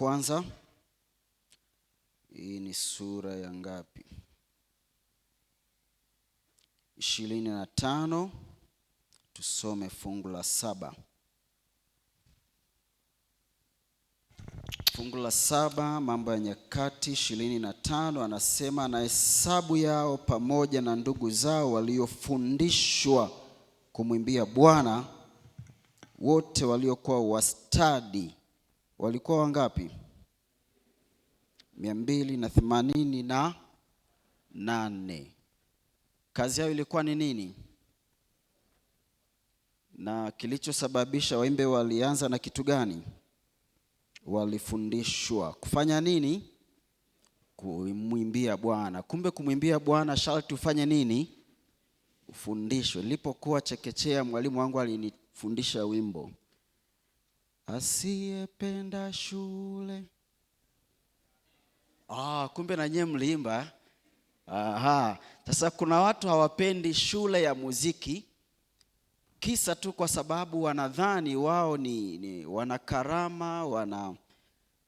kwanza. Hii ni sura ya ngapi? Ishirini na tano. Tusome fungu la saba. Fungu la saba, Mambo ya Nyakati ishirini na tano, anasema na hesabu yao pamoja na ndugu zao waliofundishwa kumwimbia Bwana, wote waliokuwa wastadi walikuwa wangapi? mia mbili na themanini na nane. Kazi yao ilikuwa ni nini na kilichosababisha waimbe walianza na kitu gani? Walifundishwa kufanya nini? Kumwimbia Bwana. Kumbe kumwimbia Bwana sharti ufanye nini? Ufundishwe. Nilipokuwa chekechea, mwalimu wangu alinifundisha wimbo asiyependa shule. Ah, kumbe na nyewe mliimba. Aha. Sasa kuna watu hawapendi shule ya muziki kisa tu kwa sababu wanadhani wao ni, ni wana karama wana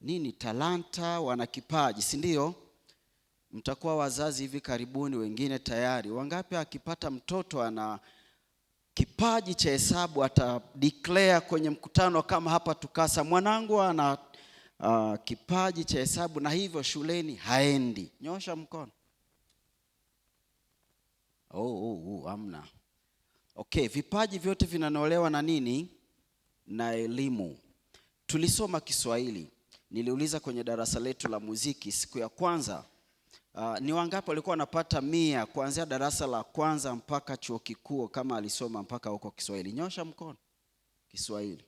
nini talanta wana kipaji, si ndio? Mtakuwa wazazi hivi karibuni, wengine tayari, wangapi akipata mtoto ana kipaji cha hesabu atadeclare kwenye mkutano kama hapa TUCASA, mwanangu ana uh, kipaji cha hesabu na hivyo shuleni haendi, nyosha mkono. Oh, oh, oh, amna. Okay, vipaji vyote vinanolewa na nini? Na elimu. Tulisoma Kiswahili, niliuliza kwenye darasa letu la muziki siku ya kwanza Uh, ni wangapi walikuwa wanapata mia kuanzia darasa la kwanza mpaka chuo kikuu kama alisoma mpaka huko Kiswahili? Nyosha mkono. Kiswahili.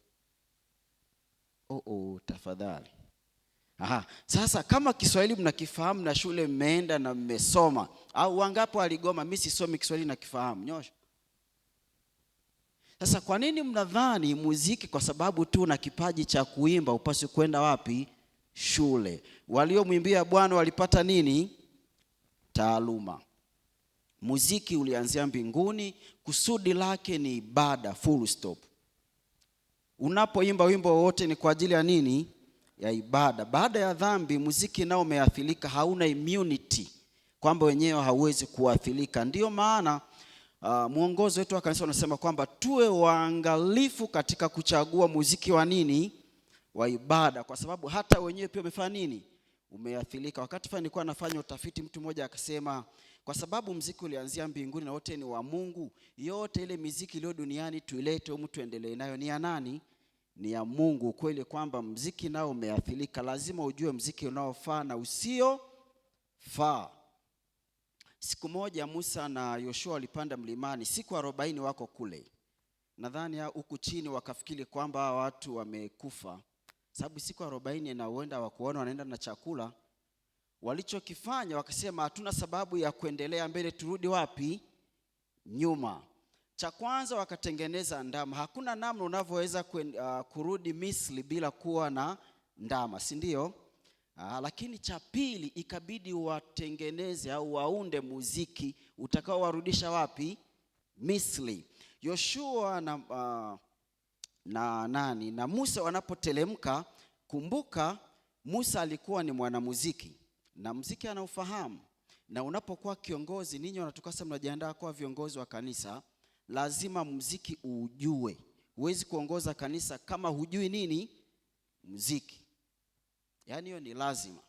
Oh, oh, tafadhali. Aha. Sasa kama Kiswahili mnakifahamu na shule mmeenda na mmesoma, au wangapi waligoma, mimi sisomi Kiswahili na kifahamu? Nyosha. Sasa kwa nini mnadhani muziki kwa sababu tu na kipaji cha kuimba upasi kwenda wapi? Shule. Waliomwimbia Bwana walipata nini? taaluma. Muziki ulianzia mbinguni, kusudi lake ni ibada, full stop. Unapoimba wimbo wowote ni kwa ajili ya nini? Ya ibada. Baada ya dhambi, muziki nao umeathirika, hauna immunity kwamba wenyewe hauwezi kuathirika. Ndiyo maana uh, mwongozo wetu wa kanisa unasema kwamba tuwe waangalifu katika kuchagua muziki wa nini, wa ibada, kwa sababu hata wenyewe pia wamefanya nini umeathirika. Wakati fulani nilikuwa nafanya utafiti, mtu mmoja akasema kwa sababu mziki ulianzia mbinguni na wote ni wa Mungu, yote ile miziki iliyo duniani tuilete humu tuendelee nayo ni ya nani? Ni ya Mungu. Kweli kwamba mziki nao umeathirika, lazima ujue mziki unaofaa na usio faa. Siku moja Musa na Yoshua walipanda mlimani, siku arobaini wako kule, nadhani huku chini wakafikiri kwamba watu wamekufa sababu siku arobaini na huenda wakuona wanaenda na chakula. Walichokifanya wakasema hatuna sababu ya kuendelea mbele, turudi wapi? Nyuma. Cha kwanza wakatengeneza ndama. Hakuna namna unavyoweza uh, kurudi Misri bila kuwa na ndama, si ndio? Uh, lakini cha pili ikabidi watengeneze au waunde muziki utakaowarudisha wapi? Misri. Yoshua na uh, na nani na Musa wanapotelemka, kumbuka Musa alikuwa ni mwanamuziki na muziki anaufahamu, na unapokuwa kiongozi, ninyi wanatukasa mnajiandaa kuwa viongozi wa kanisa, lazima muziki uujue. Huwezi kuongoza kanisa kama hujui nini muziki, yaani hiyo ni lazima.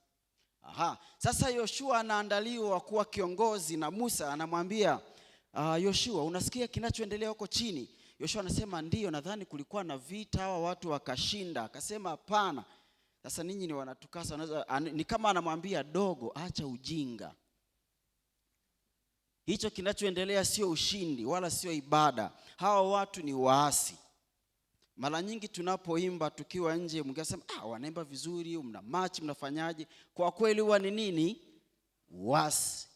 Aha, sasa Yoshua anaandaliwa kuwa kiongozi na Musa anamwambia ah, Yoshua, uh, unasikia kinachoendelea huko chini Yoshua anasema ndiyo, nadhani kulikuwa na vita, hawa watu wakashinda. Akasema hapana, sasa ninyi ni wanatukasa, ni kama anamwambia dogo, acha ujinga. Hicho kinachoendelea sio ushindi wala sio ibada, hawa watu ni waasi. Mara nyingi tunapoimba tukiwa nje, mngesema ah, wanaimba vizuri, mna machi, mnafanyaje? Kwa kweli huwa ni nini? wasi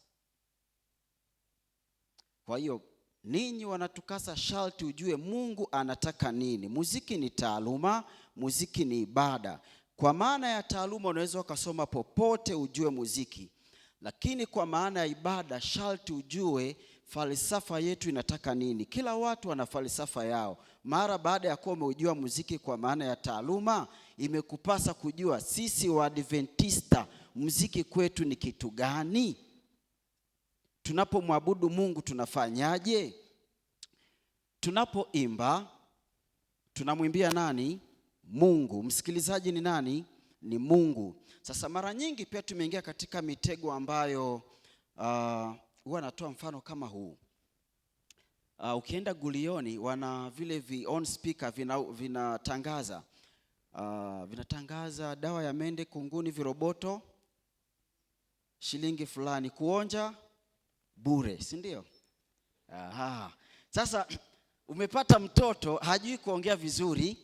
Kwa hiyo ninyi wanatukasa sharti ujue Mungu anataka nini. Muziki ni taaluma, muziki ni ibada. Kwa maana ya taaluma unaweza ukasoma popote ujue muziki, lakini kwa maana ya ibada sharti ujue falsafa yetu inataka nini. Kila watu wana falsafa yao. Mara baada ya kuwa umeujua muziki kwa maana ya taaluma, imekupasa kujua sisi Waadventista muziki kwetu ni kitu gani tunapomwabudu Mungu tunafanyaje? Tunapoimba tunamwimbia nani? Mungu. Msikilizaji ni nani? Ni Mungu. Sasa mara nyingi pia tumeingia katika mitego ambayo ah, huwa uh, natoa mfano kama huu uh, ukienda gulioni wana vile vi on speaker vinatangaza vina uh, vinatangaza dawa ya mende, kunguni, viroboto shilingi fulani kuonja bure, si ndio? Aha. Sasa umepata mtoto hajui kuongea vizuri,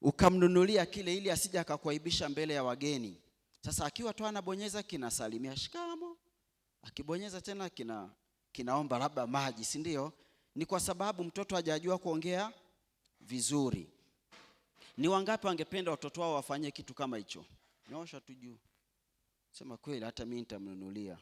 ukamnunulia kile ili asija akakuaibisha mbele ya wageni. Sasa akiwa tu anabonyeza kinasalimia shikamo, akibonyeza tena kina kinaomba labda maji, si ndio? Ni kwa sababu mtoto hajajua kuongea vizuri. Ni wangapi wangependa watoto wao wafanye kitu kama hicho? Nyosha tu juu, sema kweli, hata mimi nitamnunulia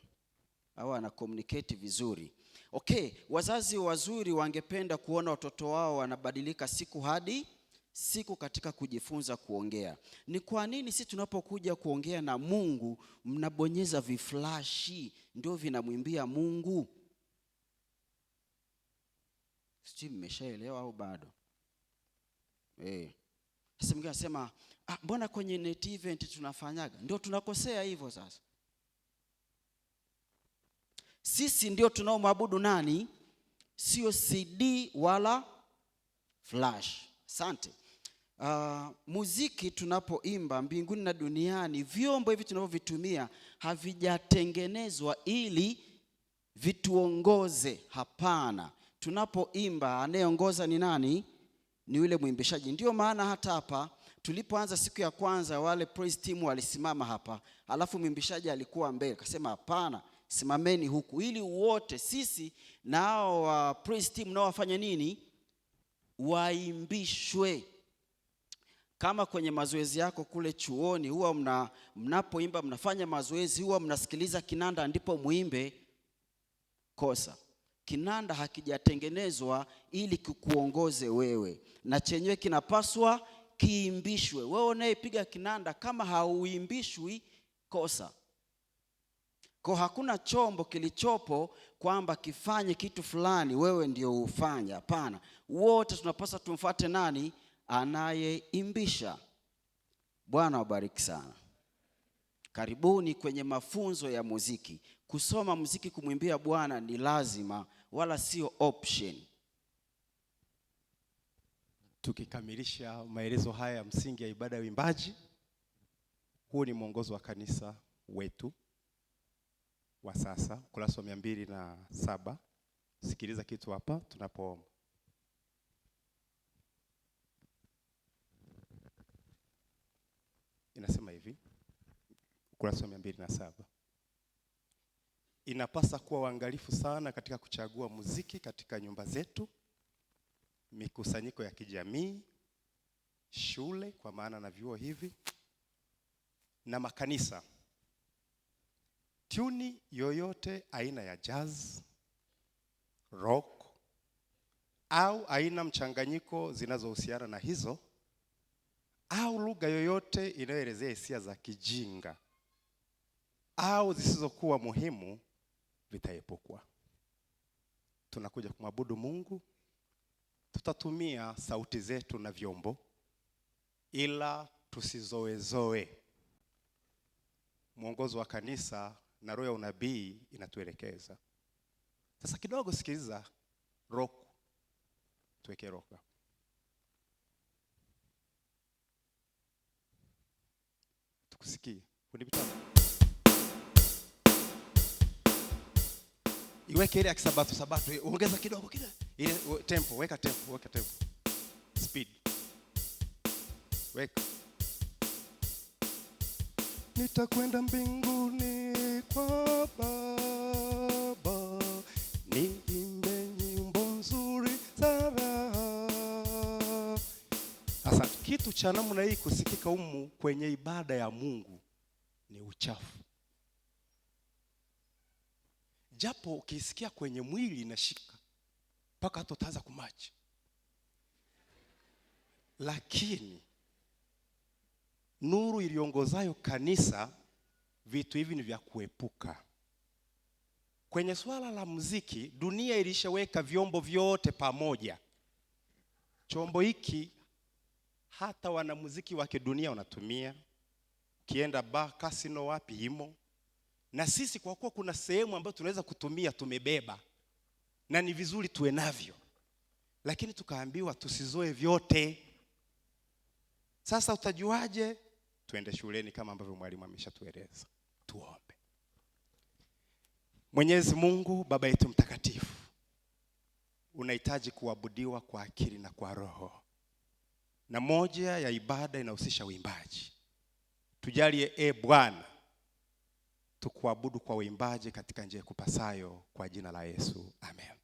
au ana communicate vizuri. Okay, wazazi wazuri wangependa kuona watoto wao wanabadilika siku hadi siku katika kujifunza kuongea. Ni kwa nini sisi tunapokuja kuongea na Mungu mnabonyeza viflashi ndio vinamwimbia Mungu? Sijui mmeshaelewa au bado? Eh. Sasa mgeni anasema, ah, mbona kwenye net event tunafanyaga? Ndio tunakosea hivyo sasa. Sisi ndio tunaomwabudu nani? Sio CD wala flash. Asante. Uh, muziki tunapoimba mbinguni na duniani, vyombo hivi tunavyovitumia havijatengenezwa ili vituongoze. Hapana, tunapoimba anayeongoza ni nani? Ni yule mwimbishaji. Ndio maana hata hapa tulipoanza siku ya kwanza, wale praise team walisimama hapa, alafu mwimbishaji alikuwa mbele, akasema hapana, simameni huku, ili wote sisi na hao wa priest team mnaowafanya nini, waimbishwe. Kama kwenye mazoezi yako kule chuoni, huwa mna, mnapoimba mnafanya mazoezi, huwa mnasikiliza kinanda ndipo muimbe. Kosa, kinanda hakijatengenezwa ili kikuongoze wewe, na chenyewe kinapaswa kiimbishwe. Wewe unayepiga kinanda kama hauimbishwi, kosa. Kwa hakuna chombo kilichopo kwamba kifanye kitu fulani wewe ndio ufanye. Hapana, wote tunapaswa tumfuate nani? Anayeimbisha. Bwana wabariki sana. Karibuni kwenye mafunzo ya muziki. Kusoma muziki, kumwimbia Bwana ni lazima, wala sio option. Tukikamilisha maelezo haya ya msingi ya ibada ya uimbaji, huu ni mwongozo wa kanisa wetu wa sasa, ukurasa wa mia mbili na saba. Sikiliza kitu hapa tunapoomba. Inasema hivi, ukurasa wa mia mbili na saba. Inapasa kuwa waangalifu sana katika kuchagua muziki katika nyumba zetu, mikusanyiko ya kijamii, shule kwa maana na vyuo hivi na makanisa tuni yoyote aina ya jazz, rock au aina mchanganyiko zinazohusiana na hizo au lugha yoyote inayoelezea hisia za kijinga au zisizokuwa muhimu vitaepukwa. Tunakuja kumwabudu Mungu, tutatumia sauti zetu na vyombo, ila tusizoezoe. Mwongozo wa kanisa na roho ya unabii inatuelekeza. Sasa kidogo sikiliza, roku tuwekee roka tukusikie iweke ile ya kisabato sabato, ongeza kidogo kidogo ile tempo, weka tempo, weka tempo, speed weka, nitakwenda mbingu nyimbo nzuri kitu cha namna hii kusikika humu kwenye ibada ya Mungu ni uchafu, japo ukisikia kwenye mwili inashika mpaka hata utaanza kumachi, lakini nuru iliongozayo kanisa vitu hivi ni vya kuepuka. Kwenye swala la muziki, dunia ilishaweka vyombo vyote pamoja. Chombo hiki hata wanamuziki wa kidunia wanatumia, ukienda ba kasino wapi imo, na sisi kwa kuwa kuna sehemu ambayo tunaweza kutumia, tumebeba na ni vizuri tuwe navyo, lakini tukaambiwa tusizoe vyote. Sasa utajuaje? Tuende shuleni kama ambavyo mwalimu ameshatueleza. Tuombe. Mwenyezi Mungu Baba yetu mtakatifu, unahitaji kuabudiwa kwa akili na kwa roho, na moja ya ibada inahusisha uimbaji. Tujalie e Bwana, tukuabudu kwa uimbaji katika njia ya kupasayo, kwa jina la Yesu, amen.